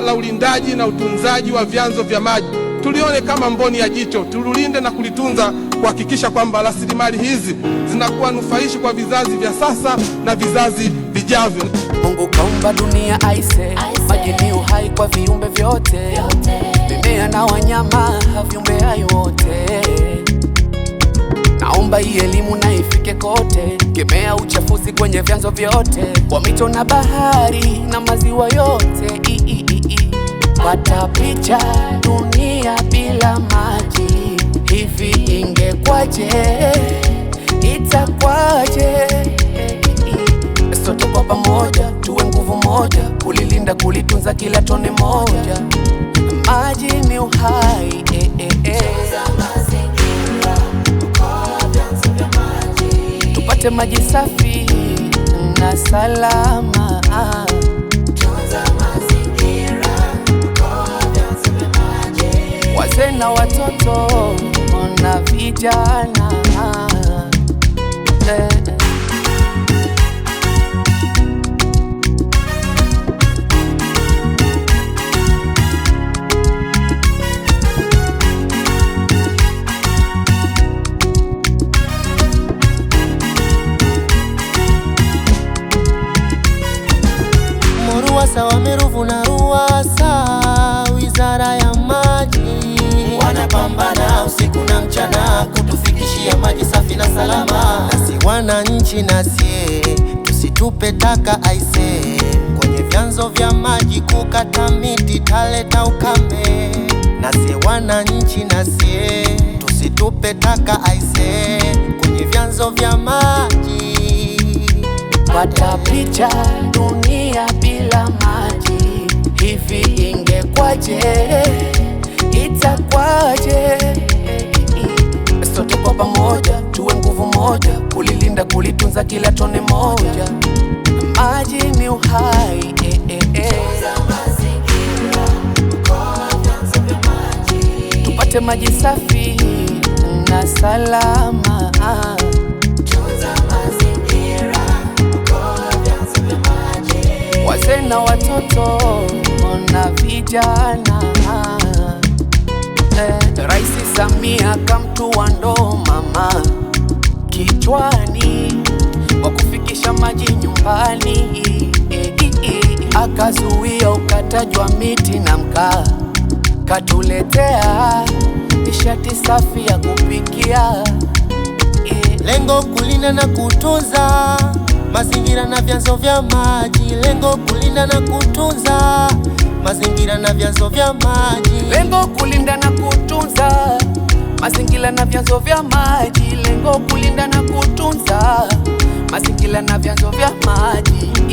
la ulindaji na utunzaji wa vyanzo vya maji tulione kama mboni ya jicho, tululinde na kulitunza, kuhakikisha kwamba rasilimali hizi zinakuwa nufaishi kwa vizazi vya sasa na vizazi vijavyo. Mungu kaumba dunia aise, maji ni uhai kwa viumbe vyote, mimea na wanyama, viumbe hai wote kwenye vyanzo vyote, kwa mito na bahari na maziwa yote I -i -i -i. Pata picha dunia bila maji, hivi ingekwaje? Itakwaje? Sote kwa pamoja tuwe nguvu moja, kulilinda kulitunza kila tone moja. Maji ni uhai eh, eh, eh. Tupate maji safi na salama. Tunza wazee na watoto ona vijana sasa na RUWASA, wizara ya maji, wanapambana usiku na mchana kutufikishia maji safi na salama. Nasi wananchi nasie, tusitupe taka aise kwenye vyanzo vya maji kukata miti taleta ukame. Nasi wananchi nasie, tusitupe taka aise kwenye vyanzo vya maji watapita dunia bila maji. Hivi ingekwaje? Itakwaje? Sote kwa pamoja tuwe nguvu moja, kulilinda kulitunza kila tone moja. Maji ni uhai eh, eh, eh. Tupate maji safi na salama. tena watoto na vijana eh, Rais Samia kamtu ndoo mama kichwani wa kufikisha maji nyumbani eh eh, eh, eh, akazuia ukataji wa miti na mkaa, katuletea nishati safi ya kupikia eh, lengo kulinda na kutunza mazingira na vyanzo vya maji, lengo kulinda na kutunza mazingira na vyanzo vya maji, lengo kulinda na kutunza mazingira na vyanzo vya maji, lengo kulinda na kutunza mazingira na vyanzo vya maji